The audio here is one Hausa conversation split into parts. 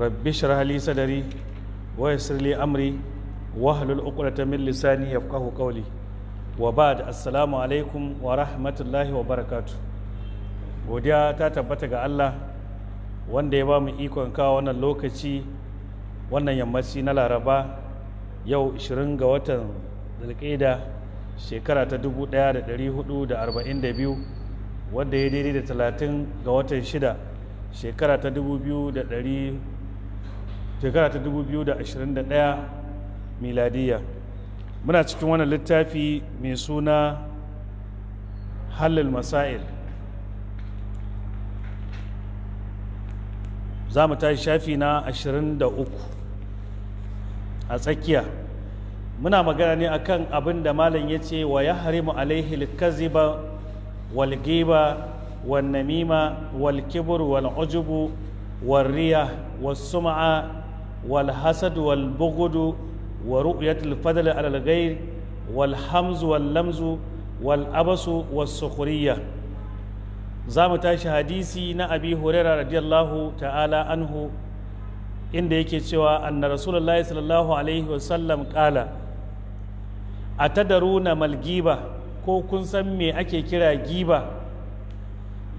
rabbi shrah li sadri wa yassir li amri halul uqdata min lisani yafqahu qawli wa ba'd assalamu alaikum wa rahmatullahi wa barakatuh godiya ta tabbata ga Allah wanda ya ba mu ikon kawo wannan lokaci wannan yammaci na Laraba yau 20 ga watan Zulqa'da shekara ta 1442 wanda ya daidai da 30 ga watan 6 shekara ta 2000 shekara ta 2021 miladiyya muna cikin wannan littafi mai suna halal masail za mu tashi shafi na 23 a tsakiya muna magana ne akan abin da malam ya ce wa ya harimu alaihi likaziba walgiba wal namima wal kibur wal ujubu wal riya sum'a wal hasad wal bughd wa ru'yat al fadl ala wal abasu wal lamz wal abas zamu tashi hadisi na abi hurairah radiyallahu ta'ala anhu inda yake cewa anna rasulullahi sallallahu alaihi wasallam kala a tadaruna malgiba ko kun san me ake kira giba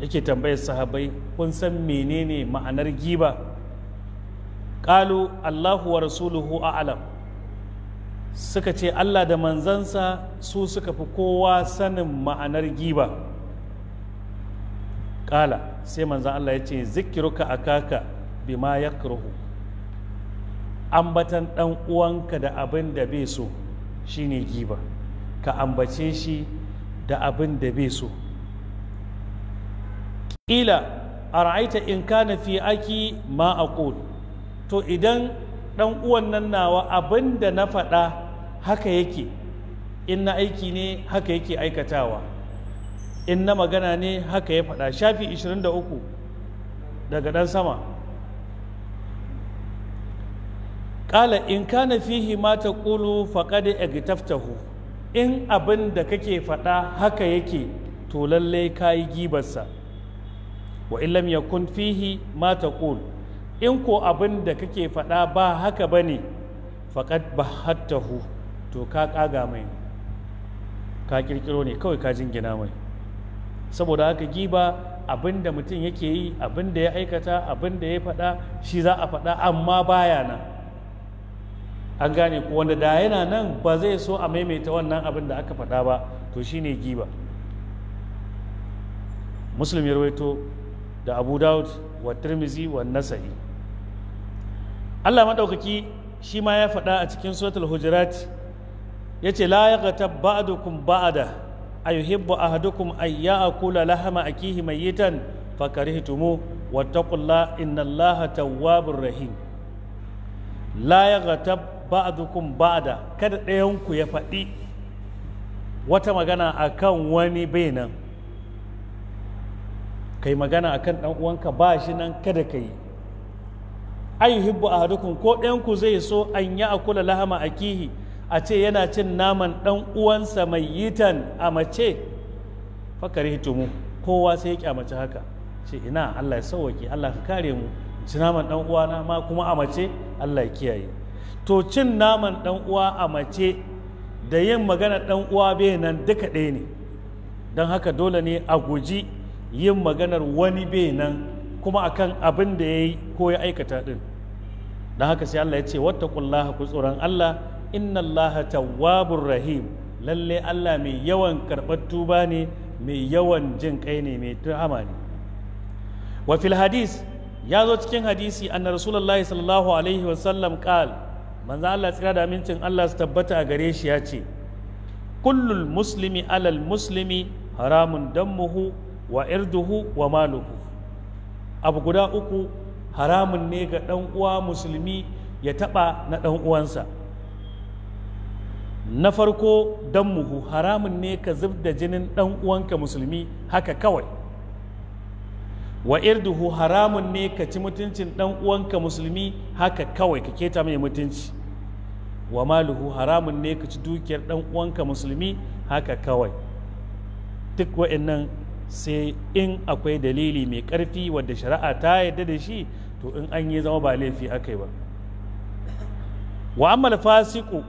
yake tambayar sahabai kun san menene ma'anar giba Kalu, allahu wa rasuluhu a'lam suka ce allah da manzansa su suka fi kowa sanin ma'anar giba ƙala sai manzan allah ya ce ka akaka bima ya ambatan ɗan uwanka da abin da bai so shine giba ka ambace shi da abin da bai so ƙila a ra'aita in kana fi aki ma to idan ɗan uwan nan nawa abin na faɗa haka yake in na aiki ne haka yake aikatawa in na magana ne haka ya faɗa shafi 23 daga ɗan sama ƙala in kana fihi mata ƙulu faƙaɗe egitaftahu in abin da kake faɗa haka yake to lallai ka yi gibarsa wa illam kun fihi mata ta ƙulu in ko abin da kake faɗa ba haka ba ne faƙad ba hattahu to ka ƙaga mai ka ƙirƙiro ne kawai ka jingina mai saboda haka giba abin da mutum yake yi abin da ya aikata abin da ya faɗa shi za a faɗa amma baya nan an gane ko wanda da yana nan ba zai so a maimaita wannan abin da aka faɗa ba to shine giba muslim ya rawaito da abu daud wa tirmizi wa nasa'i Allah maɗaukaki shi ma ya faɗa a cikin suratul hujurat ya ce la yaghtab ba'dukum ba'da ayuhibbu ahadukum ay ya'kula lahama akihi mayyitan fakarihtumu wattaqullaha innallaha tawwabur rahim la yaghtab ba'dukum ba'da kada ɗayan ku ya faɗi wata magana akan wani bai nan kai magana akan ɗan uwanka ba shi nan kada ka yi ai hibbu ahadukum ko ɗayanku zai so an yi akula lahama a kihi a ce yana cin naman ɗan uwansa mai yitan a mace fakari hitumu kowa sai ya kyamaci haka ce ina Allah ya sauwaki Allah ka kare mu ci naman ɗan uwana ma kuma a mace Allah ya kiyaye to cin naman ɗan uwa a mace da yin magana ɗan uwa bai nan duka ɗaya ne don haka dole ne a guji yin maganar wani bai nan kuma akan abin da ya yi ko ya aikata ɗin don haka sai Allah ya ce wattaqullaha ku tsoron Allah inna Allah tawwabur rahim lalle Allah mai yawan karɓar tuba ne mai yawan jin kai ne mai rahama ne wa fil hadis ya zo cikin hadisi anna rasulullahi sallallahu alaihi wa sallam qal manzo Allah tsira da amincin Allah su tabbata a gare shi ya ce kullul muslimi alal muslimi haramun dammuhu wa irduhu wa maluhu abu guda uku haramun ne ga ɗan uwa musulmi ya taɓa na ɗan uwansa na farko muhu haramun ne ka zub da jinin ɗan uwanka musulmi haka kawai wa irduhu haramun ne ka ci mutuncin ɗan uwanka musulmi haka kawai ka keta mai mutunci wa maluhu haramun ne ka ci dukiyar ɗan uwanka musulmi haka kawai duk wa'annan sai in akwai dalili mai ƙarfi wadda shari'a ta yadda da shi to in an yi zama ba laifi aka yi ba wa amal fasiku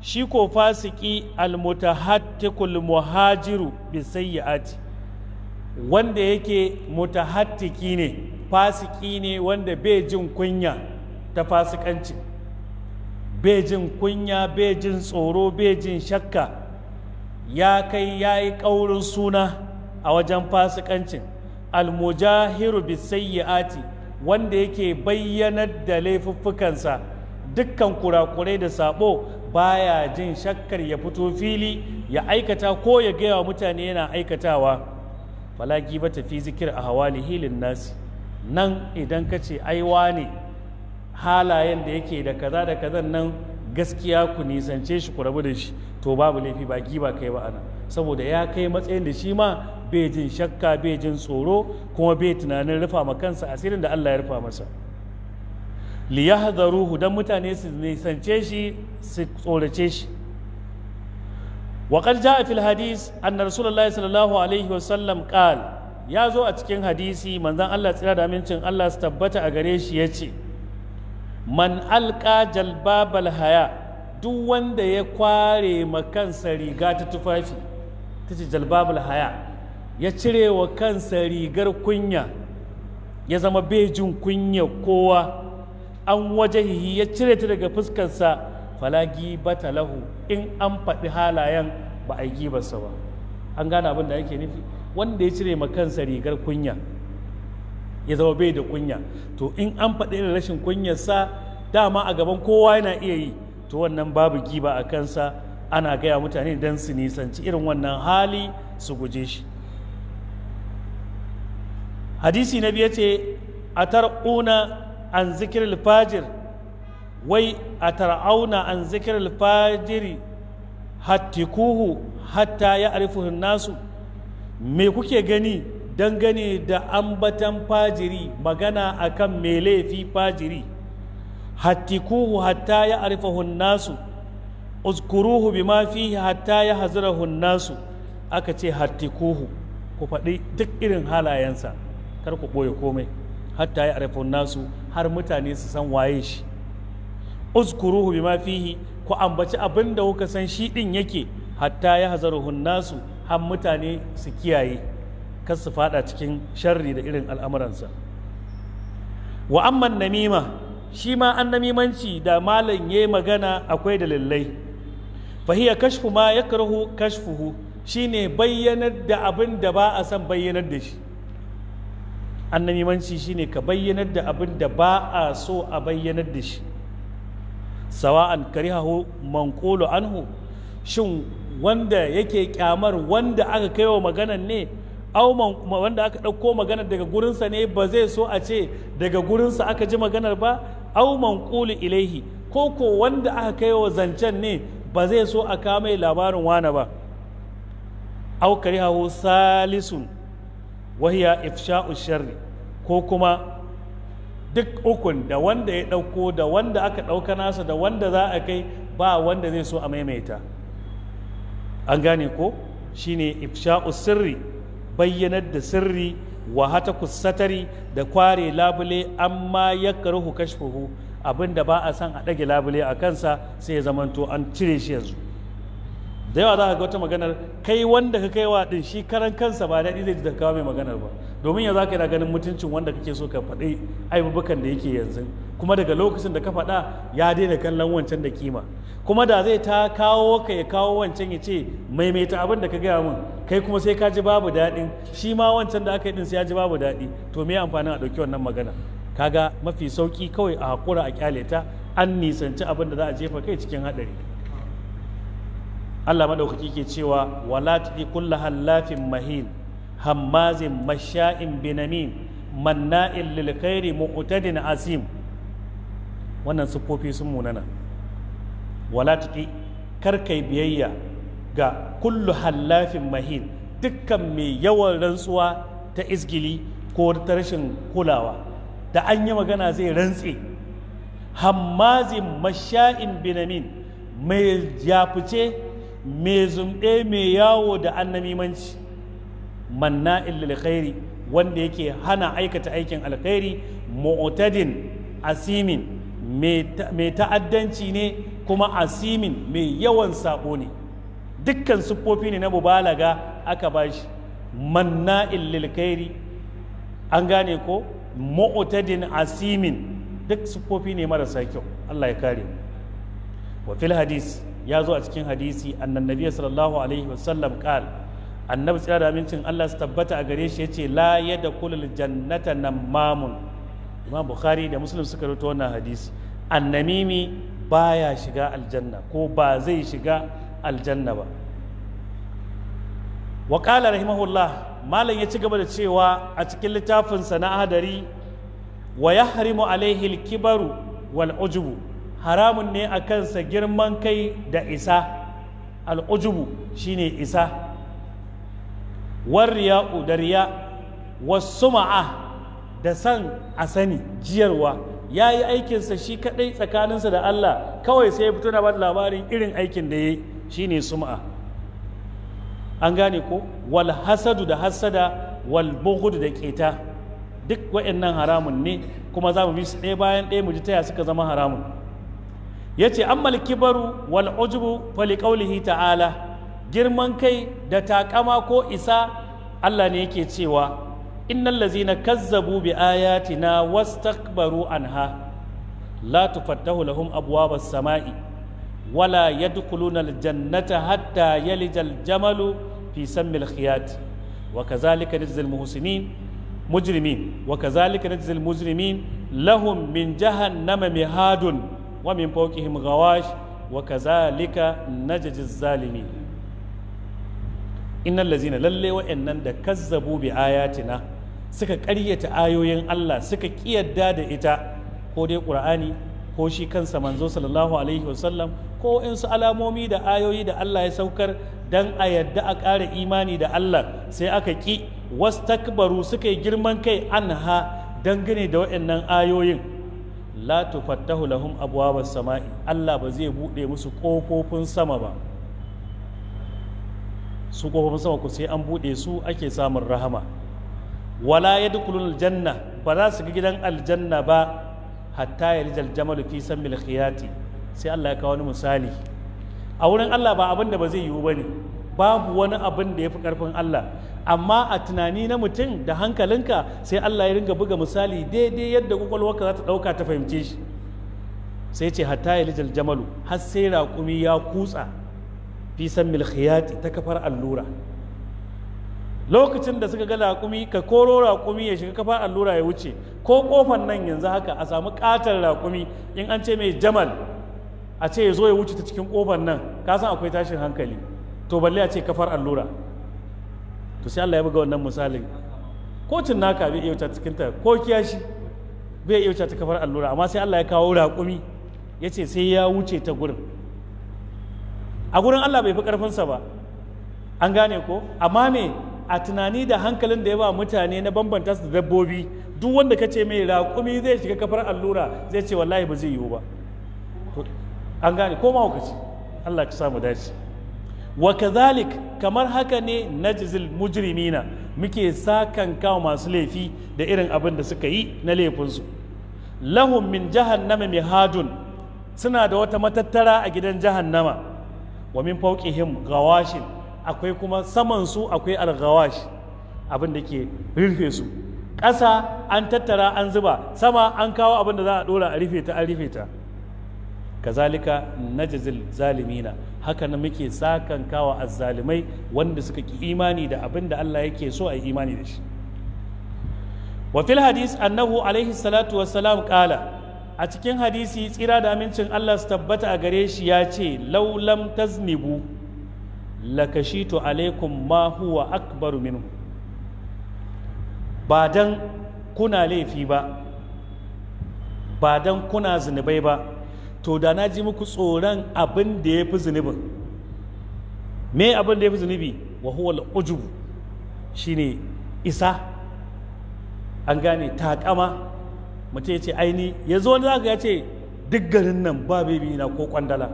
shi ko fasiki almutahattikul muhajiru bi sayyi'ati wanda yake mutahattiki ne fasiki ne wanda bai jin kunya ta fasikanci bai jin kunya bai jin tsoro bai jin shakka ya kai yayi yi ƙaurin suna a wajen fasikancin almujahiru Ati, wanda yake bayyanar da laifuffukansa dukkan kurakurai da sabo baya jin shakkar ya fito fili ya aikata ko ya gaya mutane yana aikatawa falaki ba fi zikir a hawali hilin nasi nan idan ka ce aiwa ne halayen da yake da kaza da kaza nan gaskiya ku nisance shi ku rabu da shi to babu laifi ba giba kai ba ana saboda ya kai matsayin da shi ma bai jin shakka bai jin tsoro kuma bai tunanin rufa ma kansa asirin da Allah ya rufa masa li yahdharuhu dan mutane su nisance shi su tsorace shi wa qad jaa fil hadis anna rasulullahi sallallahu alaihi wa sallam ya zo a cikin hadisi manzon Allah tsira da amincin Allah su tabbata a gare shi yace man alqa jalbabal haya duk wanda ya kware ma kansa riga ta tufafi ta ce jalbabul haya ya cire wa kansa rigar kunya ya zama bejin kunya kowa an wajahihi ya cire ta daga fuskarsa falagi bata lahu in an faɗi halayen ba a yi ba an gane abin da yake nufi wanda ya cire ma kansa rigar kunya ya zama bai da kunya to in an faɗi irin rashin sa dama a gaban kowa yana iya yi to wannan babu giba a kansa ana gaya mutane don su nisanci irin wannan hali su guje shi hadisi na biyu ce a tar'una an zikir alfajir wai a tar'auna an zikir fajiri hattikuhu hatta ya arifuhun nasu me kuke gani dangane da ambatan fajiri magana akan me laifi fajiri hattikuhu hatta ya arifuhun nasu uzkuruhu bima mafi hatta ya hazirahun nasu aka ce hattikuhu ku faɗi duk irin halayensa kar ku ɓoye komai hatta ya arifun nasu har mutane su san waye shi uzkuruhu bima fihi ku ambaci abin da kuka san shi din yake hatta ya hazaruhun nasu har mutane su kiyaye kar su fada cikin sharri da irin al'amuransa wa amman namima shi ma an namimanci da malam ya magana akwai dalilai fahiya kashfu ma yakrahu kashfuhu shine bayyanar da abin da ba a san bayyanar da shi annabimanci shine ka bayyanar da abin da ba a so a bayyanar da shi sawa'an karihahu manqulu anhu shin wanda yake kyamar wanda aka kai wa maganan ne au wanda aka ɗauko maganar daga gurinsa ne ba zai so a ce daga gurinsa aka ji maganar ba au manqulu ilaihi ko ko wanda aka kaiwa zancen ne ba zai so a kama labarin wana ba au karihahu salisun wahiya ifsha'u sharri ko kuma duk ukun da wanda ya ɗauko da wanda aka ɗauka nasa da wanda za a kai ba wanda zai so a maimaita an gane ko shine ifsha'u sirri bayyanar da sirri wa hata kusatari da kware labule amma ya karuhu kashfuhu abinda ba a san a ɗage labule a kansa sai ya zamanto an cire shi yanzu da yawa za ka ga wata maganar kai wanda ka kai wa din shi karan kansa ba daɗi zai ji da kawo mai maganar ba domin yanzu ka yana ganin mutuncin wanda kake so ka faɗi aibubukan da yake yanzu kuma daga lokacin da ka faɗa ya daina kallon wancan da kima kuma da zai ta kawo ka ya kawo wancan ya ce maimaita abin da ka gaya min kai kuma sai ka ji babu daɗin shi ma wancan da aka yi din sai ya ji babu daɗi to me amfanin a ɗauki wannan magana kaga mafi sauki kawai a haƙura a ƙyale ta an nisanci abin da za a jefa kai cikin haɗari Allah madaukaki ke cewa wala tati kullu hallafin mahin hammazin masha'in binamin manna'il lil khairi mu'tadin asim wannan sufofi sun munana wala tati karkai biyayya ga kullu hallafin mahin dukkan mai yawan rantsuwa ta izgili ko ta rashin kulawa da an yi magana zai rantse hammazin masha'in binamin mai jafice mai zumɗe mai yawo da annamimanci manna lil khairi wanda yake hana aikata aikin alkhairi mu'tadin asimin mai ta'addanci ne kuma asimin mai yawan sabo ne dukkan siffofi ne na mubalaga aka bashi manna lil khairi an gane ko mu'tadin asimin duk siffofi ne marasa kyau Allah ya kare mu wa fil hadis ya zo a cikin hadisi annan sallallahu alaihi wasallam qal annabi tsira da amincin Allah su tabbata a gare shi yace la yadkhulul jannata namamun imam bukhari da muslim suka rawaito wannan hadisi annamimi baya shiga aljanna ko ba zai shiga aljanna ba wa qala rahimahullah malam ya ci gaba da cewa a cikin littafin na adari wa yahrimu alaihi alkibaru wal ujubu haramun ne a kansa girman kai da isa al'ujubu shine isa warriya da riya wasu ma'a da san a sani jiyarwa ya yi aikinsa shi kaɗai tsakaninsa da Allah kawai sai ya fito na bada labarin irin aikin da ya yi shine sum'a an gane ko wal hasadu da hasada wal bughd da keta duk waɗannan haramun ne kuma za mu bi su ɗaya bayan ɗaya mu ji taya suka zama haramun yace ammal kibaru wal ujubu fali qawlihi ta'ala girman kai da takama ko isa Allah ne yake cewa innal ladzina kazzabu bi ayatina wastakbaru anha la tufattahu lahum abwabas samai wala yadkhuluna al jannata hatta yalija al jamalu fi sammil khiyat wa kadhalika najzil muhsinin mujrimin wa kadhalika najzil mujrimin lahum min jahannama mihadun wa min fawqihim ghawash wa kazalika najjiz zalimin innal ladzina lalle wa'annan da kazzabu bi ayatina suka ƙaryata ayoyin Allah suka kiyarda da ita ko dai Qur'ani ko shi kansa manzo sallallahu alaihi wasallam ko su alamomi da ayoyi da Allah ya saukar dan a yadda a ƙara imani da Allah sai aka ki wastakbaru suka yi girman kai anha dangane da wa'annan ayoyin la tufattahu lahum abwabas sama'i Allah ba zai bude musu kofofin sama ba su kofofin sama ku sai an bude su ake samun rahama wala yadkhulul Aljanna. ba za su ga gidan aljanna ba hatta yalijal jamalu fi sammil khiyati sai Allah ya kawo wani misali a wurin Allah ba abin da ba zai yiwu bane babu wani abin da ya fi ƙarfin Allah amma a tunani na mutum da hankalinka sai Allah ya ringa buga misali daidai yadda kwakwalwarka za ta ɗauka ta fahimce shi sai ce hatta ya lijal jamalu har sai raƙumi ya kutsa fisan milkhiyati ta kafar allura lokacin da suka ga raƙumi ka koro raƙumi ya shiga kafar allura ya wuce ko kofar nan yanzu haka a samu ƙatar raƙumi in an ce mai jamal a ce ya zo ya wuce ta cikin kofar nan kasan akwai tashin hankali to balle a ce kafar allura to sai Allah ya buga wannan misalin kocin naka bai iya wuce cikin ta ko kiyashi bai iya wuce ta kafar allura amma sai Allah ya kawo raƙumi ya ce sai ya wuce ta gurin a gurin Allah bai fi ƙarfinsa ba an gane ko amma me a tunani da hankalin da ya ba mutane na bambanta su da dabbobi duk wanda ka ce mai raƙumi zai shiga kafar allura zai ce wallahi ba zai yiwu ba an gane ko mahaukaci Allah ka samu dace wa kazalik kamar haka ne na jizil mujirimina muke sakan kawo masu laifi da irin abin da suka yi na laifinsu lahum min jahannama hadun suna da wata matattara a gidan jahannama wa min fawqihim gawashin akwai kuma saman su akwai algawash abin da ke rufe su ƙasa an tattara an zuba sama an kawo abin da za a dora a rufe ta an rufe ta kazalika najzil zalimina haka na muke sakankawa azzalimai wanda suka ki imani da abin da Allah yake so a yi imani da shi wa fil hadis annahu alaihi salatu wassalam qala a cikin hadisi tsira da amincin Allah su tabbata a gare shi ya ce laulam taznibu lakashitu alaikum ma huwa akbaru minhu ba dan kuna laifi ba ba dan kuna zunubai ba to da na ji muku tsoron abin da ya fi zunubin me abin da ya fi zunubi wa huwa al'ujubu shine isa an gane takama mutum ya ce aini yanzu wani zaka ya ce duk garin nan ba bebi na ko kwandala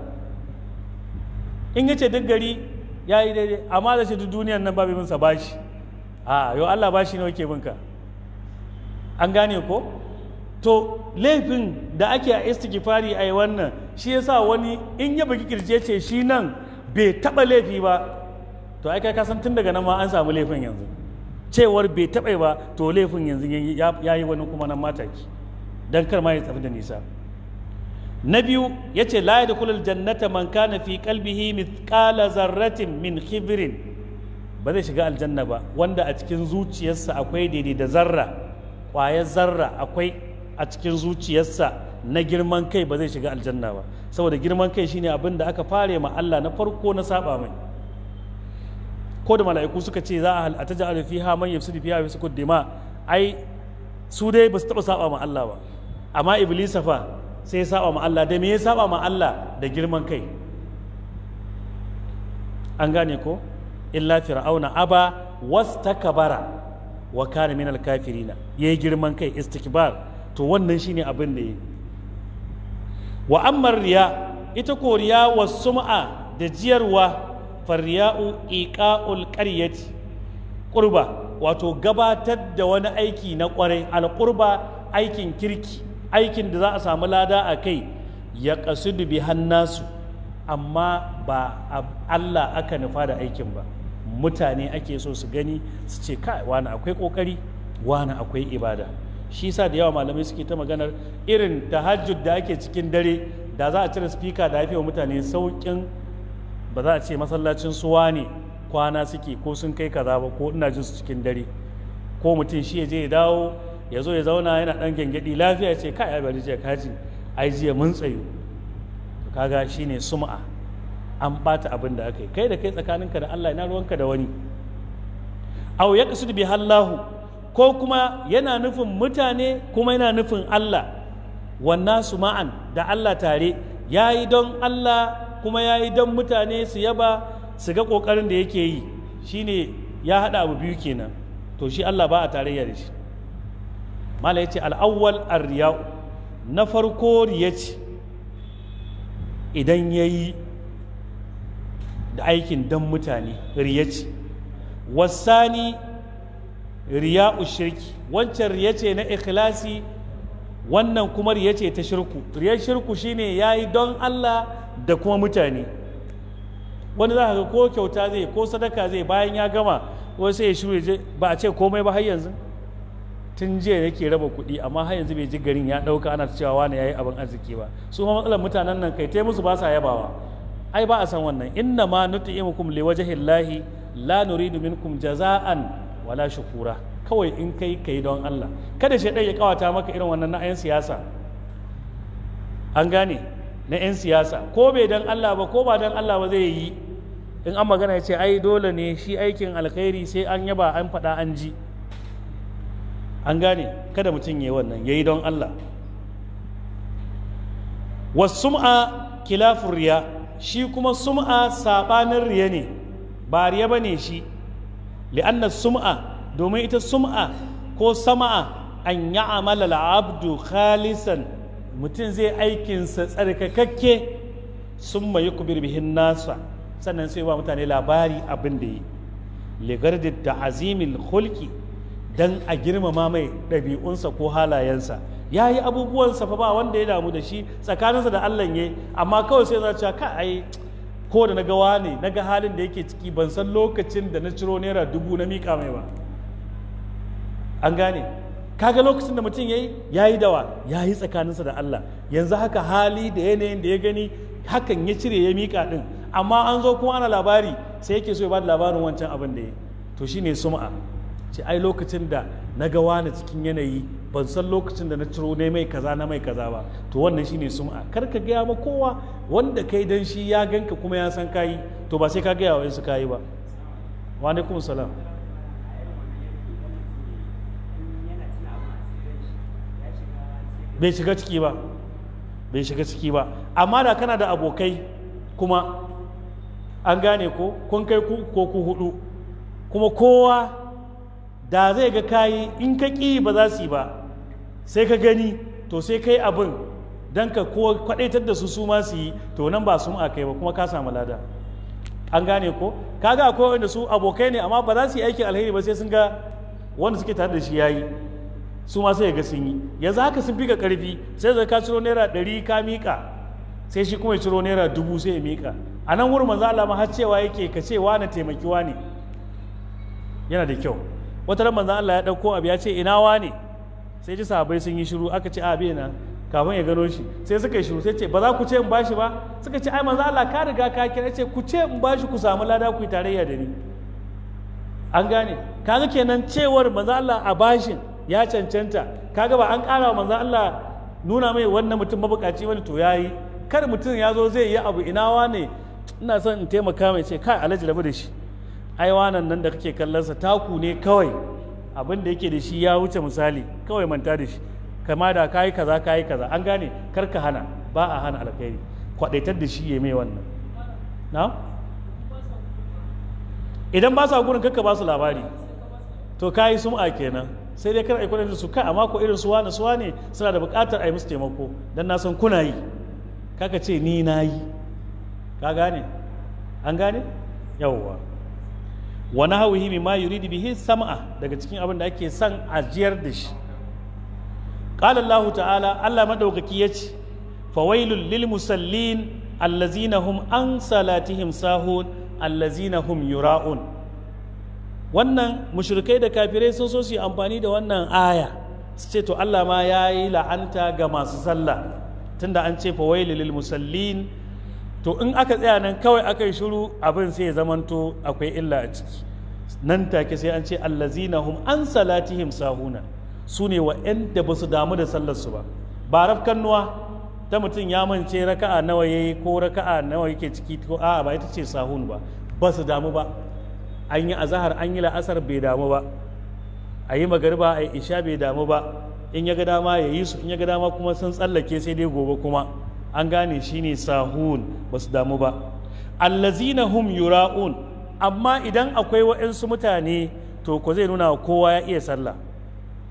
in ya ce duk gari ya yi daidai amma da ce duk duniyan nan ba ba shi a yau Allah bashi ne wake binka an gane ko to laifin da ake a istighfari a yi wannan shi ya sa wani in ya baki kirje ce shi nan bai taba laifi ba to ai kai san tun daga nan ma an samu laifin yanzu cewar bai taba ba to laifin yanzu ya yi wani kuma nan mataki dan kar ma ya tafi da nisa na biyu ya ce la ya kulal jannata man kana fi kalbihi mithqala zarratin min khibrin ba zai shiga aljanna ba wanda a cikin zuciyarsa akwai daidai da zarra kwayar zarra akwai a cikin zuciyarsa na girman kai ba zai shiga aljanna ba saboda girman kai shine abin da aka fare ma Allah na farko na saba mai ko da mala'iku suka ce za a halata ja'alu fiha man yafsidu fiha wa yasku dima ai su dai ba su taba saba ma Allah ba amma iblisa fa sai ya saba ma Allah da me ya saba ma Allah da girman kai an gane ko illa fir'auna aba wastakbara wa kana minal kafirina yayi girman kai istikbar to wannan shine abin da yake wa ammar riya ita ko riya wa sum'a da jiyarwa farriya'u iqa'ul qaryati qurba wato gabatar da wani aiki na kwarai alqurba aikin kirki aikin da za a samu lada a kai ya kasudu bi hannasu amma ba Allah aka nufa da aikin ba mutane ake so su gani su ce kai wani akwai kokari wani akwai ibada shi sa da yawa malamai suke ta maganar irin tahajjud da ake cikin dare da za a cire spika da haifewa mutane sauƙin ba za a ce masallacin suwa ne kwana suke ko sun kai kaza ba ko ina jin cikin dare ko mutum shi ya je ya dawo ya zo ya zauna yana dan gyangyaɗi lafiya ce kai ya bari jiya kaji ai jiya mun tsayo kaga shine sum'a an ɓata abin da aka yi kai da kai tsakaninka da Allah ina ruwanka da wani aw yaqsid bihallahu ko kuma yana nufin mutane kuma yana nufin Allah wannan su ma'an da Allah tare ya yi don Allah kuma ya yi don mutane su yaba su ga ƙoƙarin da yake yi shine ya haɗa abu biyu kenan to shi Allah ba a tarayya da shi mala ya ce al'awwal arriya na farko riya ce idan ya yi da aikin don mutane riya ce wasani Riya shirki wancan riya ce na ikhlasi wannan kuma riya ce ta shirku riyar shirku shine yayi don Allah da kuma mutane wani za ka ga ko kyauta zai ko sadaka zai bayan ya gama ko sai ya shiru ba a ce komai ba har yanzu tun jiya yake raba kuɗi amma har yanzu bai ji garin ya ɗauka ana cewa wani yayi abin arziki ba su ma matsalar mutanen nan kai taimusu musu ba sa yabawa ai ba a san wannan inna ma nuti'imukum liwajhillahi la nuridu minkum jaza'an wala shukura kawai in kai kai don Allah kada shi ya kawata maka irin wannan na 'yan siyasa an gane na 'yan siyasa ko bai don Allah ba ko ba don Allah ba zai yi in an magana ya ce ai dole ne shi aikin alkhairi sai an yaba an faɗa an ji an gane kada mutum ya yi wannan ya yi don Allah wasum'a kilafin riya shi kuma sum'a saɓanin riya ne ba riya ba ne shi li'anna sum'a domin ita sum'a ko sama'a an ya'amala abdu khalisan mutum zai aikinsa tsarkakakke summa yukbir bihin nasa sannan sai ba mutane labari abin da yi ligardi da azimin hulki dan a girmama mai ɗabi'unsa ko halayensa ya yi abubuwansa fa ba wanda ya damu da shi tsakaninsa da Allah ya amma kawai sai za ka ai ko da na ga wane na ga halin da yake ciki ban san lokacin da na ciro naira dubu na miƙa mai ba an gane kaga lokacin da mutum ya yi dawa ya yi tsakaninsa da Allah yanzu haka hali da yanayin da ya gani hakan ya cire ya mika din amma an zo kuma ana labari sai yake so ya bada labarin wancan abin da ya to shine sum'a ce ai lokacin da na ga wani cikin yanayi ban san lokacin da na ciro ne mai kaza na mai kaza ba to wannan shine a kar ka gaya ma kowa wanda kai dan shi ya ganka kuma ya san kayi to ba sai ka gaya wa su kayi ba wa alaikum salam bai shiga ciki ba bai shiga ciki ba amma da kana da abokai kuma an gane ko kun kai ku ko ku hudu kuma kowa da zai ga kayi in ka ƙi ba za su yi ba sai ka gani to sai kai abin don ka kwadaitar da su su ma su yi to nan ba su ma kai ba kuma ka samu lada an gane ko kaga akwai wanda su abokai ne amma ba za su yi aikin alheri ba sai sun ga wanda suke tare da shi yayi su ma sai ga sun yi yanzu haka sun fi ka karfi sai zai ka ciro naira ɗari ka miƙa sai shi kuma ya ciro naira dubu sai ya miƙa a nan wurin manzo Allah har cewa yake ka ce wani taimaki wani yana da kyau wata ran manzo Allah ya ɗauko abu ya ce ina wani ne sai ji sahabbai sun yi shiru aka ce a bai kafin ya gano shi sai suka yi shiru sai ce ba za ku ce in bashi ba suka ce ai manzo Allah ka riga ka kira ce ku ce in bashi ku samu lada ku yi tarayya da ni an gane kaga kenan cewar manzo Allah a bashin ya cancanta kaga ba an kara wa manzo Allah nuna mai wannan mutum mabukaci wani to yayi kar mutum ya zo zai yi abu ina ne ina son in taimaka mai ce kai alhaji rabu da shi ai wannan nan da kake kallon sa taku ne kawai abin da yake da shi ya wuce misali kawai manta da shi kama da kayi kaza kayi kaza an gane kar ka hana ba a hana alkhairi kwadaitar da shi ya mai wannan na idan ba su gurin kakka ba su labari to kayi sum'a kenan sai dai kar a kudin su kai amma ko irin suwa na suwa ne suna da bukatar a yi musu taimako dan na san kuna yi kaka ce ni na yi ka gane an gane yawwa wa nahwihi mimma da bihi sam'a daga cikin abin da ake son ajiyar da shi qala Allah ta'ala Allah maɗaukaki yace fawailul lil musallin allazina hum an salatihim sahun allazina hum yura'un wannan mushrikai da kafirai sun so su yi amfani da wannan aya su ce to Allah ma ya yi la'anta ga masu sallah tunda an ce fawailul lil musallin to in aka tsaya nan kawai aka yi shiru abin sai ya zamanto akwai illa a ciki nan take sai an ce allazina hum an salatihim sahuna su ne wa'yanda ba su damu da sallarsu ba ba rafkan nuwa ta mutum ya mance raka'a nawa yayi ko raka'a nawa yake ciki ko a'a ba ita ce sahun ba ba su damu ba an yi azahar an yi la'asar bai damu ba a yi magariba a yi isha bai damu ba in ya ga dama ya yi su in ya ga dama kuma sun tsallake sai dai gobe kuma an gane shi ne sahun ba su damu ba allazina hum yura'un amma idan akwai wa'insu mutane to ko zai nuna kowa ya iya sallah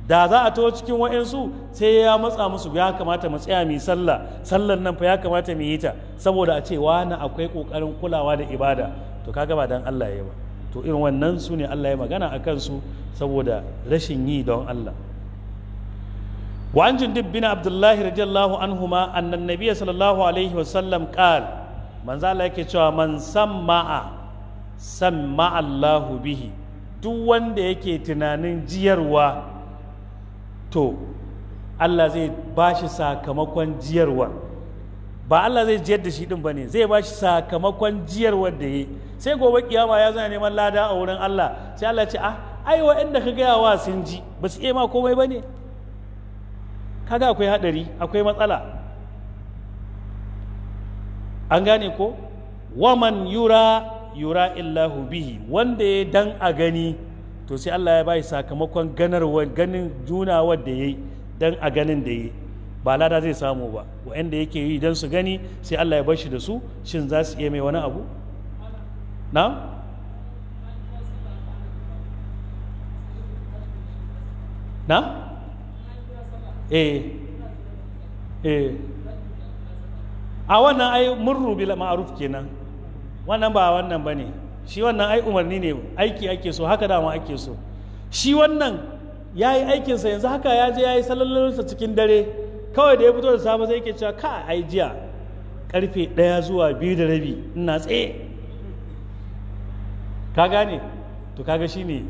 da za a taho cikin wa'insu sai ya matsa musu ya kamata mu tsaya mu sallah sallan nan fa ya kamata mu yi ta saboda a ce wani akwai kokarin kulawa da ibada to kaga ba dan Allah ya ba to irin wannan su ne Allah ya magana a kansu saboda rashin yi don Allah wa an jundub bin abdullahi radiyallahu anhuma annan nabiyyi sallallahu alaihi wasallam qal manzo yake cewa man San ma'allahu bihi duk wanda yake tunanin jiyarwa to Allah zai ba shi sakamakon jiyarwa ba Allah zai jiyar da shi din bane zai ba shi sakamakon jiyarwar da yi sai gobe kiyama ya zana neman lada a wurin Allah sai Allah ce ah ai waɗanda ka gaya wa sun ji ba su ma komai bane kaga akwai hadari akwai matsala an gane ko waman yura yura illahu bihi wanda ya dan a gani to sai Allah ya ba shi sakamakon ganarwar ganin juna wadda ya yi dan a ganin da ya ba lada zai samu ba wa'anda yake yi dan su gani sai Allah ya bashi da su shin za su iya mai wani abu na na eh eh a wannan ai murru bil ma'ruf kenan wannan ba wannan ba ne shi wannan ai umarni ne aiki ake so haka dama ake so shi wannan ya yi aikinsa yanzu haka ya je ya yi salallarsa cikin dare kawai da ya fito da safe sai yake cewa ka ai jiya karfe ɗaya zuwa biyu da rabi ina tsaye ka gane to kaga shi ne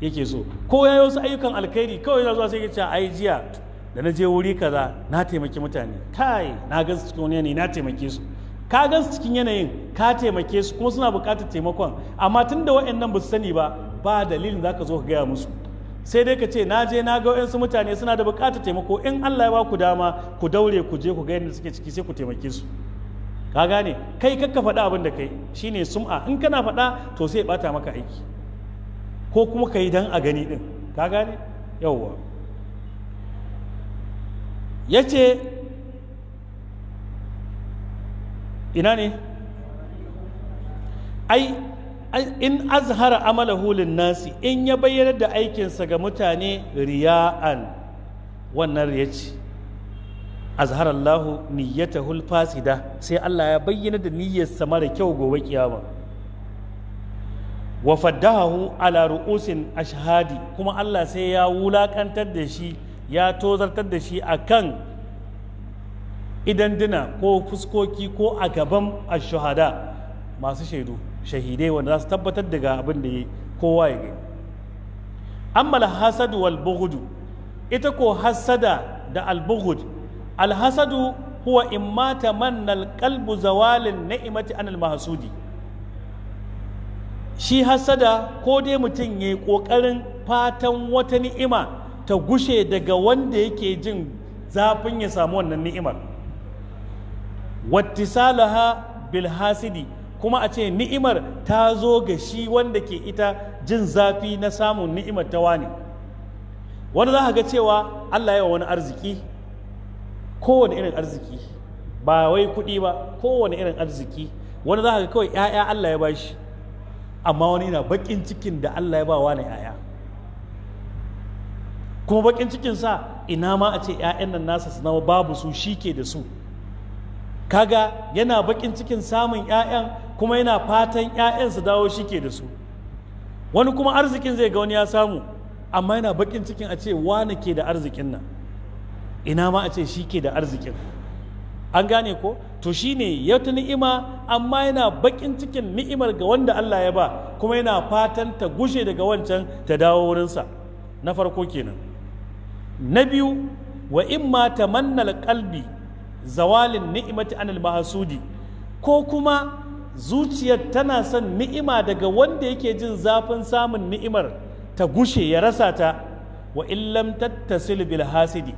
yake so ko ya yi wasu ayyukan alkhairi kawai yana zuwa sai yake cewa ai jiya da na je wuri kaza na taimaki mutane kai na ga cikin wani ne na taimake su ka gan su cikin yanayin ka taimake su kuma suna buƙatar taimakon amma tun da waɗannan ba su sani ba ba dalilin za ka zo ka gaya musu sai dai ka ce na je na ga waɗansu mutane suna da buƙatar taimako in Allah ya ba ku dama ku daure ku je ku ga yadda suke ciki sai ku taimake su ka gane kai kakka faɗa abin da kai shine sum'a in kana faɗa to sai ɓata maka aiki ko kuma ka yi dan a gani ɗin ka gane yawwa ya ce ina ne ai in azhara amalahu nasi in ya bayyanar da aikinsa ga mutane riya'an wannan riya ce azhar Allahu fasida sai Allah ya bayyana da niyyarsa mara kyau gobe kiyama wa faddahu ala ru'usin ashhadi kuma Allah sai ya wulakantar da shi ya tozartar da shi akan idan dina ko fuskoki ko a gaban ashuhada masu shaidu shahidai wanda za su tabbatar daga abin da kowa ya gani amma hasadu wal ita ko hasada da al alhasadu al hasadu huwa imma tamanna al qalbu zawalin ni'mati an al shi hasada ko dai mutum ya yi kokarin fatan wata ni'ima ta gushe daga wanda yake jin zafin ya samu wannan ni'imar wattisalaha bil hasidi kuma a ce ni'imar ta zo ga shi wanda ke ita jin zafi na samun ni'imar ta wani wani za ga cewa Allah yawa wani arziki kowane irin arziki ba wai kuɗi ba kowane irin arziki wani za ga kawai 'ya'ya Allah ya bashi amma wani na bakin cikin da Allah ya ba wani 'ya'ya kuma baƙin cikin sa ina ma a ce 'ya'yan nan nasa su babu su shi ke da su kaga yana bakin cikin samun 'ya'yan kuma yana fatan 'ya'yan su dawo shi ke da su wani kuma arzikin zai ga wani ya samu amma yana bakin cikin a ce wani ke da arzikin nan ina ma a ce shi ke da arzikin an gane ko to shine ya ta ni'ima amma yana bakin cikin ni'imar ga wanda Allah ya ba kuma yana fatan ta gushe daga wancan ta dawo wurinsa na farko kenan na biyu wa imma tamannal qalbi zawalin ni'imati anil mahasudi ko kuma zuciyar tana son ni'ima daga wanda yake jin zafin samun ni'imar ta gushe ya rasa ta wa illam tattasil bil hasidi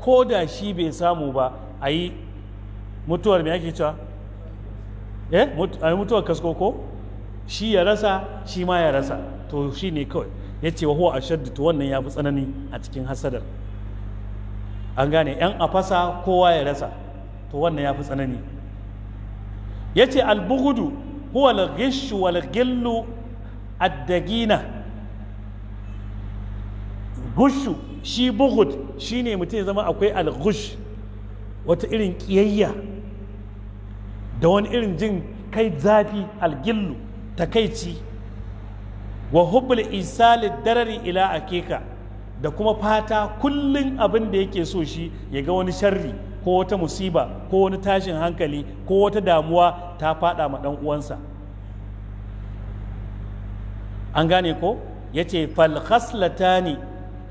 ko da shi bai samu ba a mutuwar me ake cewa eh a mutuwar kasko ko shi ya rasa shi ma ya rasa to shi ne kawai ya ce wa huwa ashaddu to wannan ya fi tsanani a cikin hasadar an gane yan afasa kowa ya rasa to wannan ya fi tsanani ya ce albugudu huwa al-ghishu wal addagina gushu shi bugud shine mutum ya zama akwai algush wata irin kiyayya da wani irin jin kai zafi algillu takaici wa hubbul isali darari ila akeka da kuma fata kullum abin da yake so shi ya ga wani sharri ko wata musiba ko wani tashin hankali ko wata damuwa ta fada ma dan uwansa an gane ko ya ce falhaslatani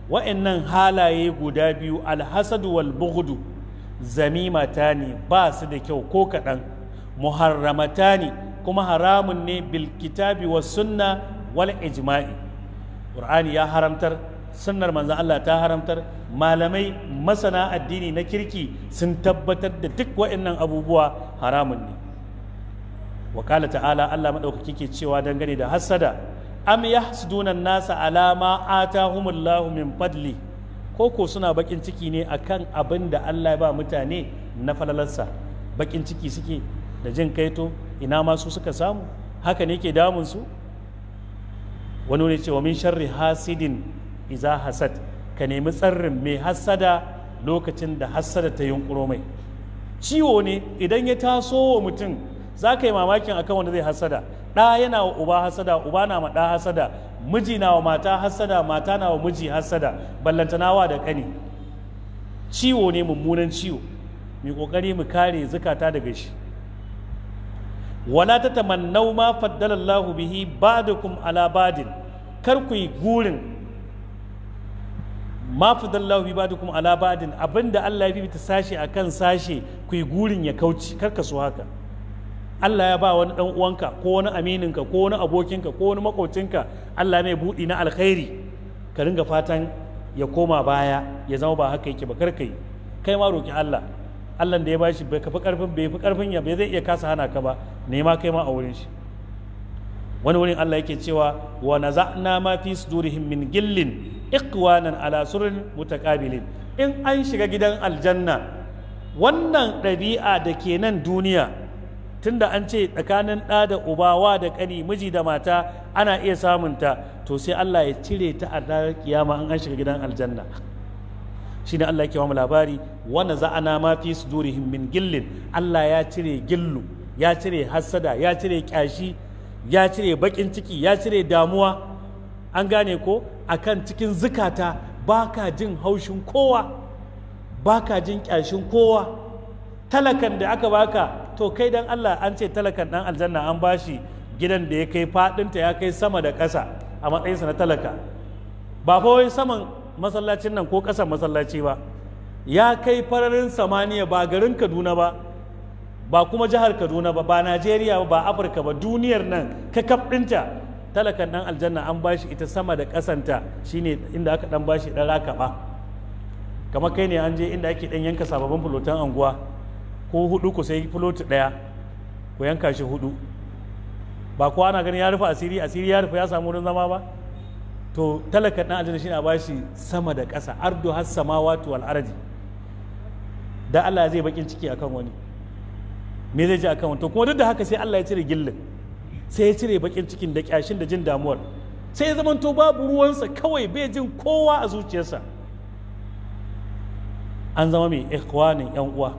wa'annan halaye guda biyu alhasadu wal bughdu zamimata ne ba su da kyau ko kaɗan muharramata ne kuma haramun ne bilkitabi wa sunna wal ijma'i ƙur'ani ya haramtar sunnar manzan Allah ta haramtar malamai masana addini na kirki sun tabbatar da duk waɗannan abubuwa haramun ne wakala ta'ala Allah maɗaukaki ke cewa dangane da hassada am ya yahsuduna nasa alama atahumullahu min fadli koko suna bakin ciki ne akan abin da Allah ya ba mutane na falalarsa bakin ciki suke da jin kaito ina masu suka samu haka ne ke damunsu? su wani ne cewa min sharri hasidin iza hasad ka nemi tsarin mai hassada lokacin da hassada ta yunkuro mai ciwo ne idan ya taso wa mutum za ka yi mamakin akan wanda zai hassada ɗa yana wa uba hassada uba na ma ɗa hassada miji na wa mata hassada mata na wa miji ballanta ballantanawa da kani ciwo ne mummunan ciwo mai kokari mu kare zukata daga shi wala ta tamannau ma faddala bihi badakum ala badin kar ku gurin ma fadallahu bi badikum ala badin abinda Allah ya bibita sashe akan sashe ku yi gurin ya kauci karka su haka Allah ya ba wani dan uwanka ko wani amininka ko wani abokinka ko wani makocinka Allah mai budi na alkhairi ka ringa fatan ya koma baya ya zama ba haka yake ba karka yi kai ma roki Allah Allah da ya bashi bai kafi karfin bai fi karfin ya bai zai iya kasa hana ka ba nema kai ma a wurin shi wani wurin Allah yake cewa wa naza'na ma fi sudurihim min gillin ikwanan ala surin mutaqabilin in an shiga gidan aljanna wannan ɗabi'a da ke nan duniya tunda an ce tsakanin ɗa da ubawa da ƙani miji da mata ana iya samunta to sai Allah ya cire ta a ranar kiyama an shiga gidan aljanna shine Allah yake mu labari wani za'ana ma fi sudurihim min gillin Allah ya cire gillu ya cire hassada ya cire kyashi ya cire bakin ciki ya cire damuwa an gane ko a kan cikin zukata ba ka jin haushin kowa ba ka jin ƙyashin kowa talakan da aka baka to kai dan Allah an ce talakan dan aljanna an bashi gidan da ya kai faɗinta ya kai sama da ƙasa a matsayinsa na talaka ba fa saman masallacin nan ko ƙasan masallaci ba ya kai fararin samaniya ba garin Kaduna ba ba kuma jihar Kaduna ba ba Najeriya ba ba Afirka ba duniyar nan ka ɗinta talakan dan aljanna an bashi ita sama da kasanta shine inda aka dan bashi dan rakaba kamar kai ne an je inda ake dan yanka sababbin fulotan anguwa ko hudu ku sai fuloti daya ku yanka shi hudu ba kowa na gani ya rufe asiri asiri ya rufe ya samu wurin zama ba to talakan dan aljanna shine a bashi sama da kasa ardu has samawati wal ardi da Allah zai bakin ciki akan wani me zai ji akan wani to kuma duk da haka sai Allah ya cire gillin sai ya cire bakin cikin da kyashin da jin damuwar sai ya zamanto babu ruwansa kawai bai jin kowa a zuciyarsa an zama mai ikhwanin yan uwa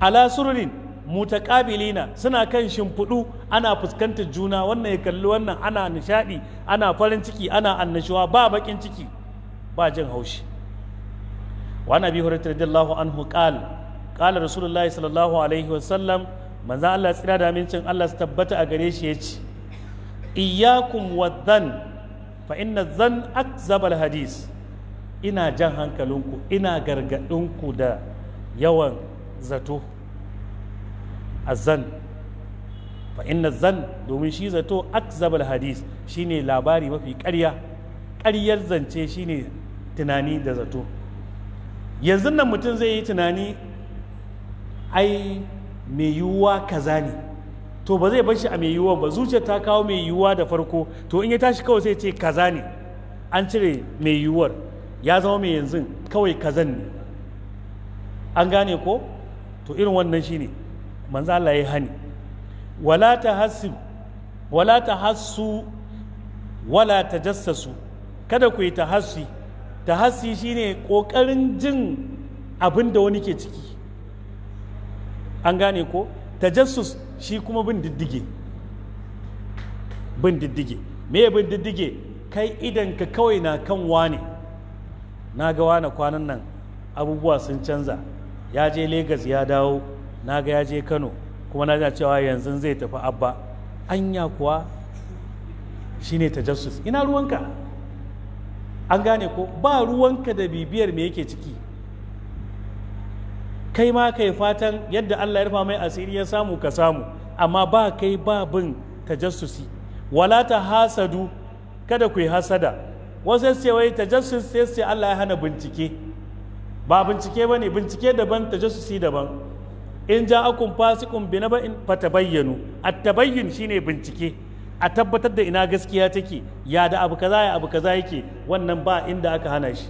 ala sururin mutaqabilina suna kan shimfudu ana fuskantar juna wannan ya kalli wannan ana nishaɗi ana farin ciki ana annashuwa ba bakin ciki ba jin haushi wa nabi hurairah radiyallahu anhu qala qala rasulullahi sallallahu alaihi wasallam manzan Allah tsira da amincin Allah su tabbata a gare shi ya ce iyakum wadhan fa inna zan akzabal hadis ina jan hankalinku ina gargaɗinku da yawan zato a zan fa inna zan domin shi zato akzabal hadis shine labari mafi ƙarya ƙaryar zance shine tunani da zato yanzu nan mutum zai yi tunani ai mai yiwuwa kaza ne to ba zai shi a mai yiwuwa ba zuciyar ta kawo mai yiwuwa da farko to in ya tashi kawai sai ce kaza ne an cire mai yiwuwar ya zama mai yanzu kawai kazan ne an gane ko to irin wannan shine manzo Allah ya hani wala ta hasu wala ta wala kada ku yi ta hasu shi shine kokarin jin abinda wani ke ciki an gane ko tajassus shi kuma bin diddige bin diddige me bin diddige kai idan ka kawai na kan wane na ga wane kwanan nan abubuwa sun canza ya je Legas ya dawo na ga ya je Kano kuma na cewa yanzu zai tafi abba anya kuwa shi ta tajassus ina ruwanka an gane ko ba ruwanka da bibiyar me yake ciki kai ma kai fatan yadda Allah ya rufa mai asiri ya samu ka samu amma ba kai ba bin tajassusi wala ta hasadu kada ku yi hasada wasu sai wai tajassus sai sai Allah ya hana bincike ba bincike ba ne bincike daban tajassusi daban in ja akun fasikun bi na ba'in fatabayyanu at shine bincike a tabbatar da ina gaskiya take ya da abu kaza ya abu kaza yake wannan ba inda aka hana shi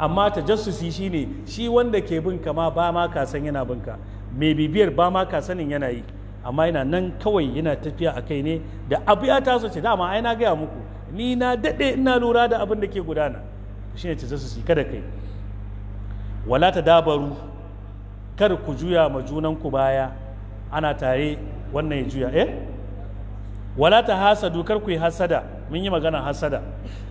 amma ta shine shi ne shi wanda ke bin ka ma ba ma ka san yana bin ka mai bibiyar ba ma ka sanin yana yi amma yana nan kawai yana tafiya a kai ne da abu ya taso ce dama ai na gaya muku ni na daɗe ina lura da abin da ke gudana shi ne ta jasusi kada kai wala ta dabaru kar ku juya ma junanku baya ana tare wannan ya juya eh wala ta hasadu kar ku yi hasada mun yi magana hasada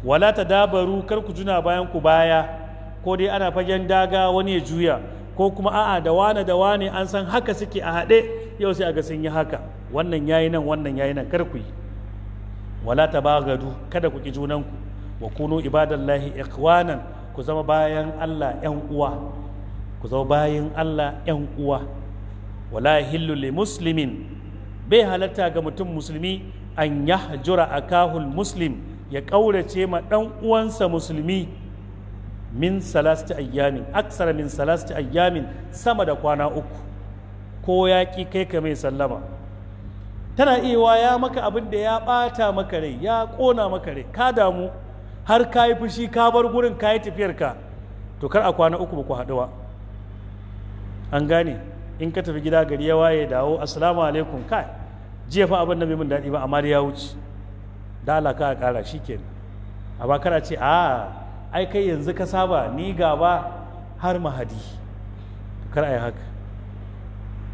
wala ta dabaru kar ku juna bayan ku baya ko dai ana fagen daga wani ya juya ko kuma a'a da wane da wane an san haka suke a haɗe yau sai aga sun yi haka wannan yayi nan wannan yayi nan kar ku yi wala tabagadu kada ku ki junanku wa kunu ibadallahi ikhwanan ku zama bayan Allah yan uwa ku zama bayan Allah yan uwa wala hillu li muslimin bai halatta ga mutum musulmi an yahjura akahul muslim ya kaurace ma dan uwansa musulmi min salasti ayyamin aksara min salasti ayyamin sama da kwana uku ko ya ki kai ka mai sallama tana iya ya maka abin da ya ɓata maka rai ya ƙona maka rai ka damu har ka yi fushi ka bar gurin ka yi tafiyarka to kar a kwana uku ba ku haɗuwa an gane in ka tafi gida gari ya waye dawo assalamu alaikum kai jiya fa abin da bai min daɗi ba amma ya wuce da alaka ka ƙara shi kenan amma kana ce a'a ai kai yanzu ka saba ni gaba har mahadi kar a yi haka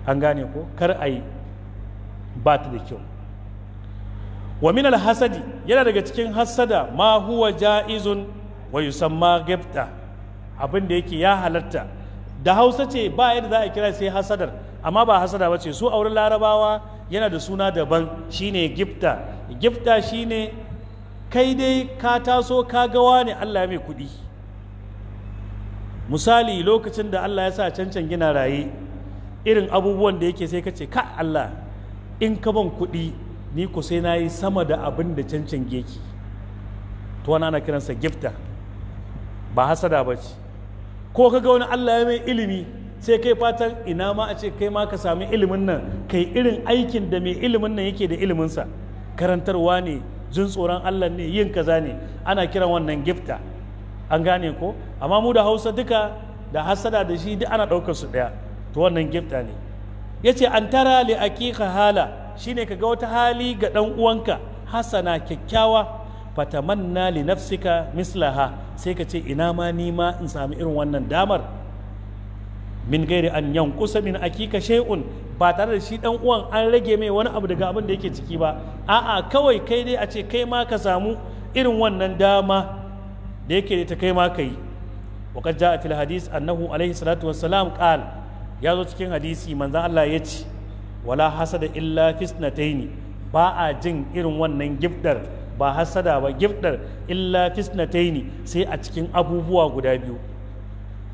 an gane ko kar a yi ba ta da kyau wa min alhasadi yana daga cikin hasada ma huwa ja'izun wa yusamma gifta abin da yake ya halatta da hausa ce ba yadda za a kira sai hasadar amma ba hasada ba ce su auren larabawa yana da suna daban shine gifta gifta shine kai dai ka taso ka gawa ne Allah mai kuɗi misali lokacin da Allah ya sa cancan gina raye irin abubuwan da yake sai ka ce ka Allah in ka ban kuɗi ni ku sai na yi sama da abin da cancan geki to wani ana kiransa gifta ba hasada ba ce ko ka ga wani Allah ya mai ilimi sai kai fatan ina ma a ce kai ma ka sami ilimin nan kai irin aikin da mai ilimin nan yake da iliminsa karantarwa ne jin tsoron Allah ne yin kaza ne ana kiran wannan gifta an gane ko amma mu da hausa duka da hasada da shi duk ana ɗaukar su ɗaya to wannan gifta ne ya ce an tara li aqiqa hala shine ka ga wata hali ga ɗan uwanka hasana kyakkyawa fatamanna li nafsika mislaha sai ka ce ina ma ni ma in sami irin wannan damar min gairi an yankusa min akika shay'un ba tare da shi dan uwan an rage mai wani abu daga abin da yake ciki ba a'a kawai kai dai a ce kai ma ka samu irin wannan dama da yake da ta kai ma kai wa qad jaa fil hadis annahu alaihi salatu wassalam qal ya zo cikin hadisi manzan Allah ya ce wala hasada illa fisnataini ba a jin irin wannan gifdar ba hasada ba gifdar illa fisnataini sai a cikin abubuwa guda biyu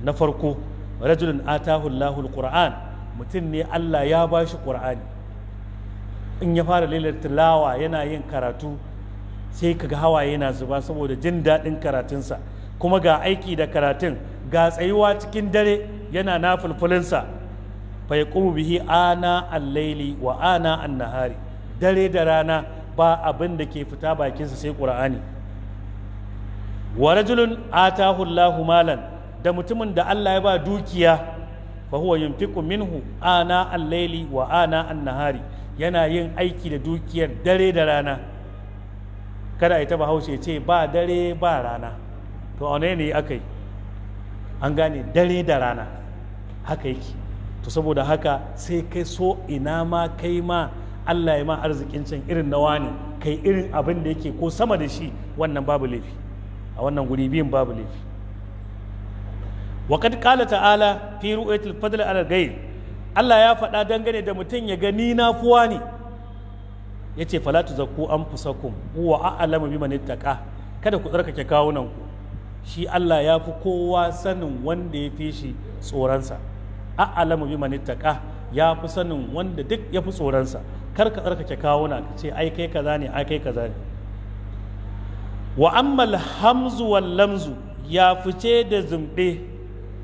na farko rajulun atahu Allahul Qur'an mutum ne Allah ya ba shi ƙur'ani in ya fara lilar tilawa yana yin karatu sai kaga hawaye yana zuba saboda jin daɗin karatunsa kuma ga aiki da karatun ga tsayuwa cikin dare yana na fulfulinsa bai kuma bihi ana allaili wa ana annahari dare da rana ba abin da ke fita bakinsa sai ƙur'ani wa rajulun atahu malan da mutumin da Allah ya ba dukiya fa huwa yunfiqu minhu ana al-laili wa ana an-nahari yana yin aiki da dukiyar dare da rana kada a yi taba ce ba dare ba rana to a ne aka yi an gane dare da rana haka yake to saboda haka sai kai so ina ma kai ma Allah ya ma arzikin can irin nawa wani kai irin abin da yake ko sama da shi wannan babu laifi a wannan guri biyun babu laifi wa kad qala ta'ala fi ru'yatil fadl ala ghayr Allah ya faɗa dangane da mutum ya gani na kuwa ne Ya ce falatu an fala tuzakku anfusakum huwa a'lamu biman ittaqa kada ku tsarkake kawunan ku shi Allah ya fi kowa sanin wanda ya fi shi tsoronsa a'lamu biman ittaqa ya fi sanin wanda duk ya fi tsoronsa kar ka tsarkake kawuna ka ce ai kai za ne ai kai za ne wa hamzu wa lamzu ya fice da zumbe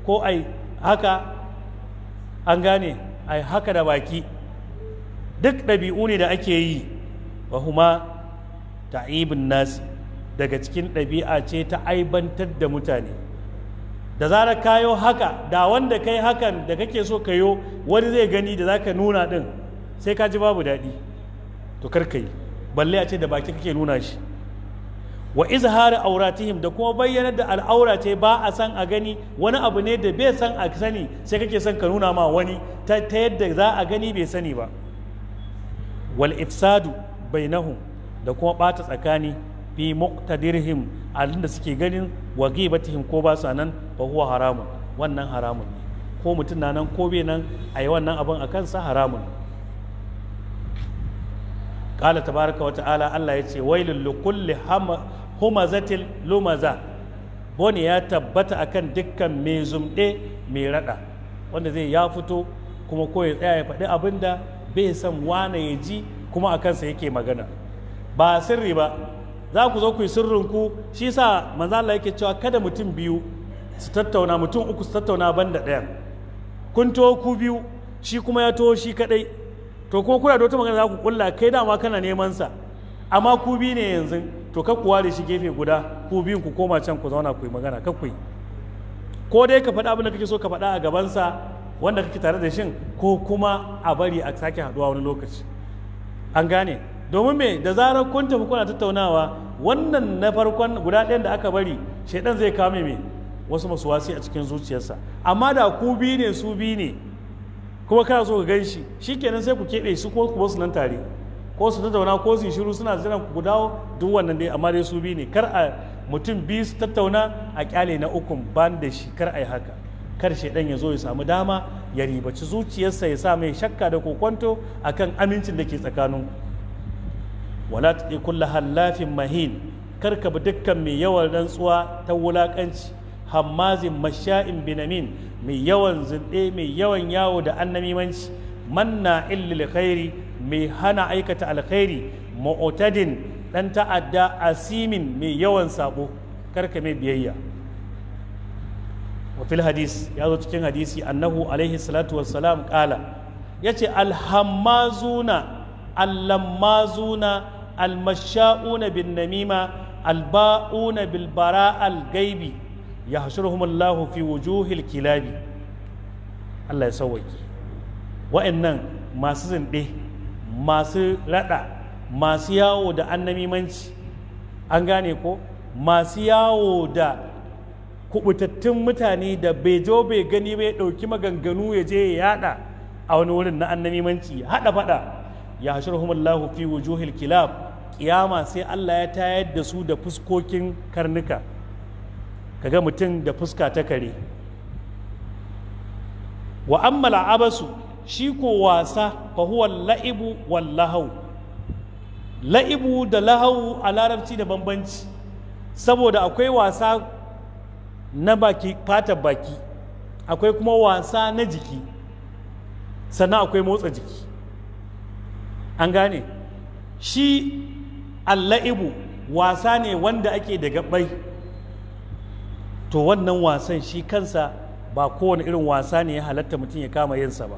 ko ai haka an gane ai haka da baki duk ɗabi'u ne da ake yi wa huma ta'ibin nasi daga cikin ɗabi'a ce ta aibantar da mutane da zarar kayo haka da wanda kai hakan da kake so kayo wani zai gani da zaka nuna ɗin sai ka ji babu daɗi to kar ka yi balle a ce da baki kake nuna shi wa izhar auratihim da kuma bayyanar da al'aura ce ba a san a gani wani abu ne da bai san a sani sai kake son ka nuna ma wani ta yadda za a gani bai sani ba wal ifsadu bainahum da kuma bata tsakani fi muqtadirhim alin da suke ganin wa ghibatihim ko ba sa nan fa huwa haramun wannan haramun ne ko mutum nan ko bai nan ayi wannan abin akan sa haramun قال تبارك وتعالى الله يتي ويل لكل هم humazatil lumaza bone ya tabbata akan dukkan mai zumɗe mai raɗa wanda zai ya fito kuma koya ya tsaya ya faɗi abin da bai san wane ya ji kuma a kansa yake magana ba sirri ba za ku zo ku yi sirrinku shi sa manzala yake cewa kada mutum biyu su tattauna mutum uku su tattauna banda ɗayan kun to ku biyu shi kuma ya toho shi kaɗai to kuma kuna da wata magana za ku kulla kai dama kana neman sa amma ku biyu ne yanzu to ka kuwa da shi gefe guda ku biyun ku koma can ku zauna ku yi magana kar ko dai ka faɗa abin da kake so ka faɗa a gabansa wanda kake tare da shin ko kuma a bari a sake haɗuwa wani lokaci an gane domin me da zarar kun tafi kuna tattaunawa wannan na farkon guda ɗayan da aka bari shaidan zai kame me wasu masu wasi a cikin zuciyarsa amma da ku bi ne su bi ne kuma kana so ka gan shi shikenan sai ku keɓe su ko ku basu nan tare ko su tattauna ko su shiru suna jiran ku dawo duk wannan dai amma dai su bi ne kar a mutum biyu su tattauna a kyale na ukun ban da shi kar a yi haka kar shaidan ya zo ya samu dama ya ribaci zuciyarsa ya sa mai shakka da kokonto akan amincin da ke tsakanin wala ta kulla hallafin mahin kar ka bi dukkan mai yawan rantsuwa ta wulakanci hammazin masha'in binamin mai yawan zinɗe mai yawan yawo da annamimanci manna illil khairi mai hana aikata alkhairi ma'otadin ɗan ta'adda asimin mai yawan sabo karka mai biyayya wafil hadis ya zo cikin hadisi annahu alaihi salatu wassalam kala ya ce alhammazuna allammazuna almasha'una bin namima alba'una bilbara algaibi ya hashirhumullahu fi wujuhil kilabi Allah ya sauwaki wa'annan masu zinɗe masu raɗa masu yawo da annamimanci an gane ko masu yawo da kubutattun mutane da bai jo bai gani bai ɗauki maganganu ya je ya yada a wani wurin na annamimanci haɗa faɗa ya hashirhumullahu fi wujuhil kilab kiyama sai Allah ya tayar da su da fuskokin karnuka kaga mutum da fuska ta kare wa amma abasu shi ko wasa fa huwa la'ibu wal lahau la'ibu da lahau a larabci da bambanci saboda akwai wasa na baki fata baki akwai kuma wasa na jiki sannan akwai motsa jiki an gane shi alla'ibu wasa ne wanda ake da gabai to wannan wasan shi kansa ba kowane irin wasa ne ya halatta mutum ya kama yinsa ba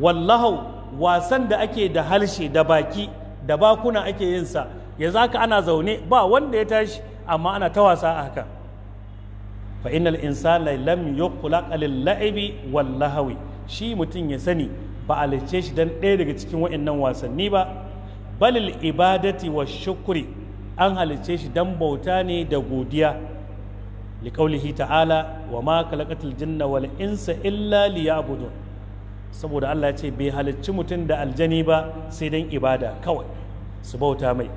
wallahau wasan da ake da harshe da baki da bakuna ake yin sa ya zaka ana zaune ba wanda ya tashi amma ana ta wasa a haka fa innal insana lam yukhlaq lil la'ibi shi mutum ya sani ba a lice shi dan ɗaya daga cikin wa'annan wasanni ba balil ibadati wa shukuri an halice shi dan bauta ne da godiya liƙaulihi ta'ala wa ma kalakatul jinna wal insa illa liya'budun saboda Allah ya ce bai halicci mutum da aljani ba sai dan ibada kawai su bauta mai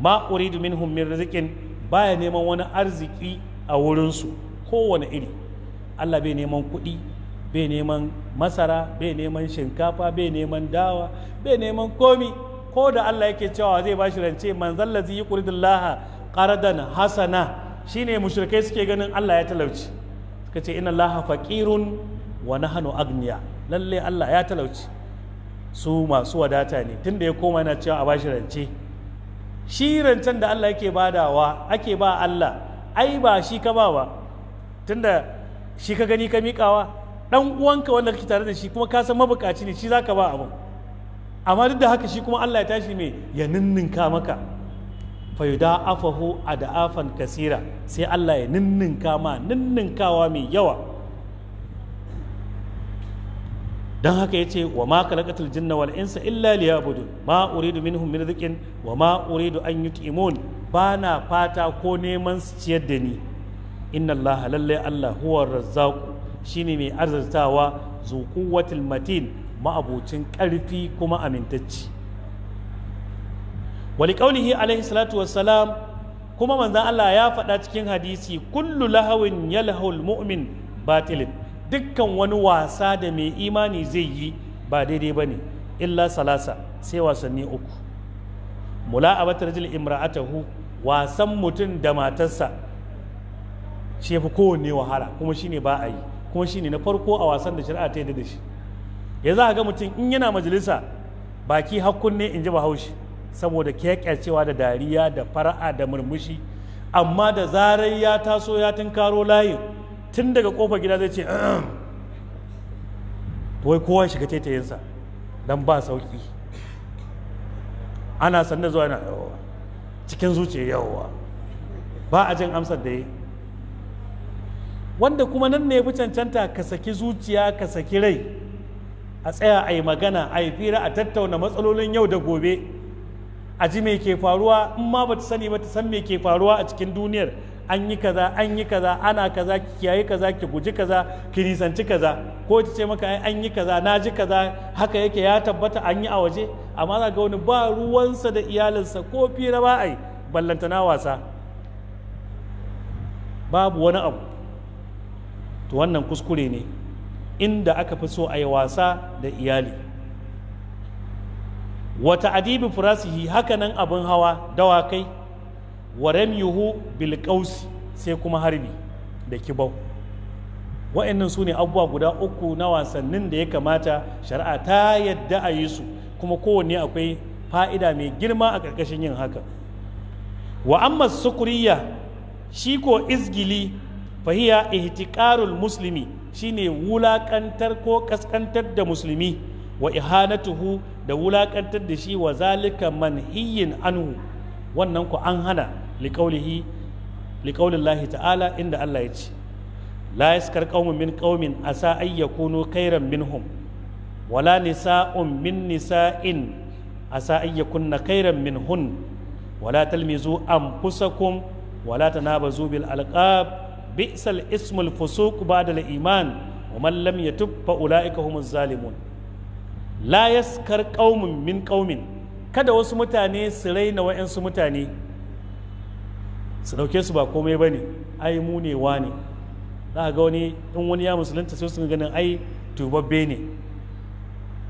ma uridu minhum min rizqin baya neman wani arziki a wurinsu kowane iri Allah bai neman kuɗi bai neman masara bai neman shinkafa bai neman dawa bai neman komi ko da Allah yake cewa zai bashi rance manzon lazi yuqridullaha qaradan hasana shine mushrikai suke ganin Allah ya talauci suka ce inna allaha faqirun wa nahnu agniya lalle Allah ya talauci su masu wadata ne tun da ya koma yana cewa a bashi rance shi rancen da Allah yake badawa ake ba Allah ai ba shi ka ba ba tunda shi ka gani ka miƙawa dan uwanka wanda kake tare da shi kuma ka san mabukaci ne shi zaka ba abu amma duk da haka shi kuma Allah ya tashi mai ya ninninka maka fa yuda afahu da'afan kasira sai Allah ya ninninka ma ninninkawa mai yawa don haka ya ce wa ma kalakatul jinna wal insa illa liyabudun ma uridu minhum min rizqin wa ma uridu an yut'imun ba na fata ko neman su ciyar da ni inna allaha lallai allah huwa razzaq shine mai arzatawa zu quwwatil matin ma'abucin karfi kuma amintacci wali qaulihi alaihi salatu wassalam kuma manzon Allah ya faɗa cikin hadisi kullu lahawin yalhul mu'min batilin dukkan wani wasa da mai imani zai yi ba daidai ba ne illa salasa sai wasanni uku mula a batar jil imra'atahu wasan mutum da matarsa shi fi kowanne wahala kuma shine ba a yi kuma shine na farko a wasan da shari'a ta yi da shi ya za ga mutum in yana majalisa baki hakkun ne in ji bahaushe saboda kyakkyacewa da dariya da fara'a da murmushi amma da zarar ya taso ya tunkaro layin tun daga kofar gida zai ce wai kowa shiga taitayinsa don ba sauki ana sanda zuwa yana yawa cikin zuciya yawa ba a jin amsar da yi wanda kuma nan ne ya fi cancanta ka saki zuciya ka saki rai a tsaya a yi magana a yi fira a tattauna matsalolin yau da gobe a ji me ke faruwa in ma ba ta sani ba ta san me ke faruwa a cikin duniyar an yi kaza an yi kaza ana kaza ki kiyaye kaza ki guji kaza ki nisanci kaza ko ta ce maka an yi kaza na ji kaza haka yake ya tabbata an yi a waje amma za ga wani ba ruwansa da iyalinsa ko fira ba ai ballantana wasa babu wani abu to wannan kuskure ne inda aka fi so a yi wasa da iyali wata adibi furasihi hakanan abin hawa dawakai waram yuhu bil sai kuma harbi da kibau wa'annan su ne abubuwa guda uku na wasannin da ya kamata shari'a ta yadda a yi su kuma kowanne akwai fa'ida mai girma a ƙarƙashin yin haka wa amma sukuriya shi ko izgili fahiya ihtiƙarul musulmi shine wulaƙantar ko ƙasƙantar da musulmi wa ihanatuhu da wulaƙantar da shi wa zalika manhiyin anhu wannan ku an hana liqaulihi ta'ala inda Allah ya ce la yaskar qaumun min qaumin asa ay yakunu khairan minhum wala nisa'un min nisa'in asa ay yakunna khairan minhun wala talmizu anfusakum wala tanabazu bil alqab bi'sal ismul fusuq ba'da al iman ومن لم يتب فأولئك هم الظالمون لا يسكر قوم من قوم kada wasu mutane su raina wa'yansu mutane su dauke su ba komai ba ne ai mu ne wa ne za ga wani in wani ya musulunta sai su ganin ai tubabbe ne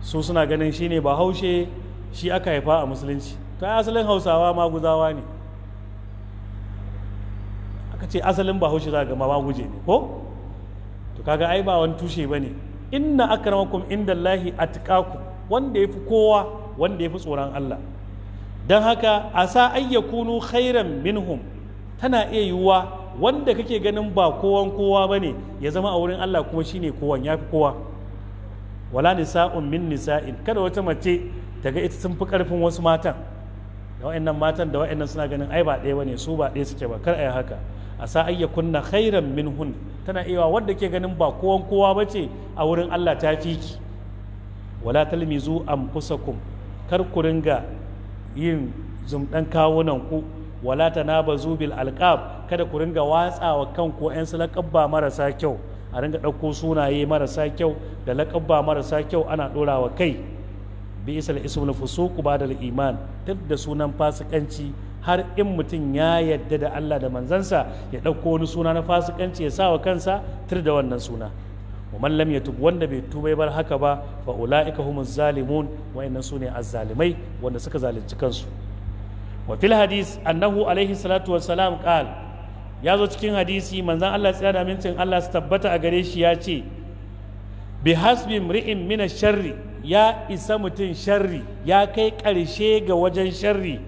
su suna ganin shi ne ba haushe shi aka haifa a musulunci ta ai asalin hausawa maguzawa ne aka ce asalin ba haushe za ga ma maguje ne ko to kaga ai ba wani tushe ba ne inna akramakum indallahi ku wanda ya fi kowa wanda ya fi tsoron Allah don haka asa ayyakunu khairan minhum tana iya yiwuwa wanda kake ganin ba kowan kowa ba ne ya zama a wurin Allah kuma shine kowan ya fi kowa wala nisa'un min nisa'in kada wata mace ta ga ita sun fi karfin wasu matan da wa'annan matan da wa'annan suna ganin ai ba ɗaya bane su ba ɗaya suke ba kar yi haka a sa ayya kunna khairan min tana iya wanda kake ganin ba kowan kowa ba ce a wurin Allah ta fi ki wala talmizu anfusakum kar ku ringa yin zumdan kawunan ku wala ba zubil alƙab kada ku ringa watsawa ko yan su laƙabba marasa kyau a ringa ɗauko sunaye marasa kyau da laƙabba marasa kyau ana ɗorawa kai bi isal ismul fusuq ba da iman duk da sunan fasikanci har in mutum ya yadda da Allah da manzansa ya ɗauko wani suna na fasikanci ya sa wa kansa tur da wannan suna wa man ya tubu wanda bai tuba bar haka ba fa ulaika humuz zalimun ne a zalimai wanda suka zalunci kansu wa fil hadis annahu alaihi salatu wassalam qal ya zo cikin hadisi manzon Allah tsaya da amincin Allah su tabbata a gare shi ya ce bi hasbi mri'in min sharri ya isa mutum sharri ya kai ƙarshe ga wajen sharri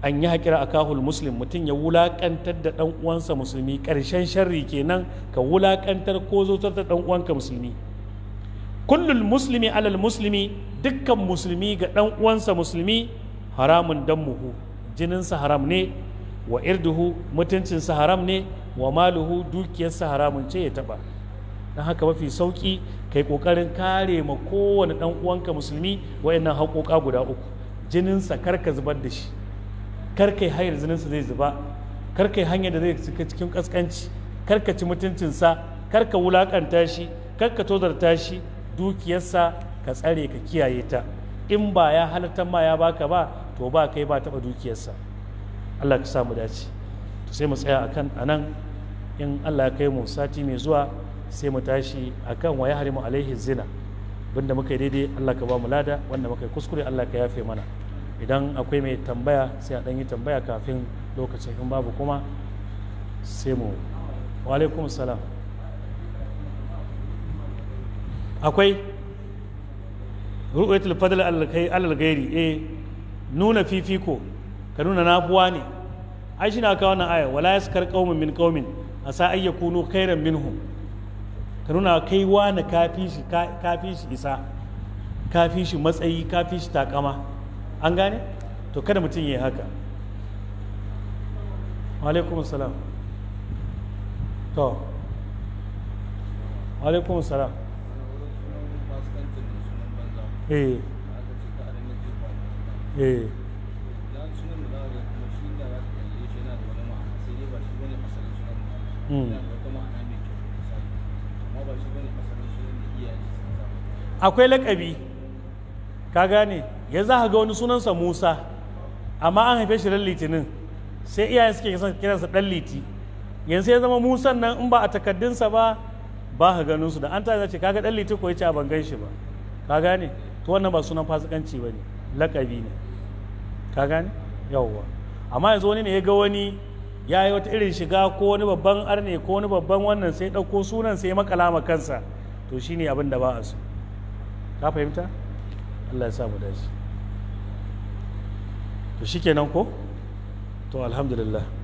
an yi haƙira a kahul muslim mutum ya wulaƙantar da ɗan uwansa musulmi ƙarshen sharri kenan ka wulaƙantar ko zotar da ɗan musulmi kullum musulmi alal musulmi dukkan musulmi ga ɗan uwansa musulmi haramun jinin jininsa haram ne wa irduhu mutuncinsa haram ne wa maluhu dukiyarsa haramun ce ya taba don haka mafi sauki kai kokarin kare ma kowane dan uwanka musulmi wayannan haƙoƙa guda uku jininsa kar ka zubar da shi kar kai hayar jininsa zai zuba kar hanya hanyar da zai cika cikin kaskanci karka ci mutuncinsa kar ka wulakanta shi kar ka tozarta shi dukiyarsa ka tsare ka kiyaye ta in ba ya halatta ma ya baka ba to ba kai ba taɓa dukiyarsa Allah ka samu dace to sai mu tsaya a nan in Allah ya kai mu sati mai zuwa sai mu tashi a kan wa harimu alaihi zina banda muka yi daidai Allah ka ba mu lada wanda muka yi kuskure Allah ka yafe mana idan akwai mai tambaya sai a dan yi tambaya kafin lokacin in babu kuma sai mu wa alaikum salam akwai ru'ayatul fadl al-ghairi eh nuna fifiko ka nuna nafuwa ne ai shi na kawo wannan aya wala yaskar qaumun min qaumin asa ay yakunu khairan minhum ka nuna kai na kafi shi kafi shi isa kafi shi matsayi kafi shi takama an gane to kada mutum yayi haka wa alaikum assalam to wa alaikum assalam eh eh hmm. akwai lakabi ka gane yanzu za ga wani sunansa musa amma an haife shi ran litinin sai iyayen suke kiransa dan liti yanzu ya zama musan nan in ba a takaddunsa ba ba ka ganin su da an ta ce kaga dan liti ko ya ce a ban gan shi ba ka gane to wannan ba sunan fasikanci ba ne lakabi ne ka gane yawwa amma yanzu wani ne ya ga wani ya yi wata irin shiga ko wani babban arne ko wani babban wannan sai ɗauko sunan sai makalama kansa to shine abin da ba a so ka fahimta Allah ya samu dace to shikenan ko to alhamdulillah